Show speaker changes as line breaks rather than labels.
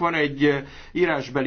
van egy eh, írásbeli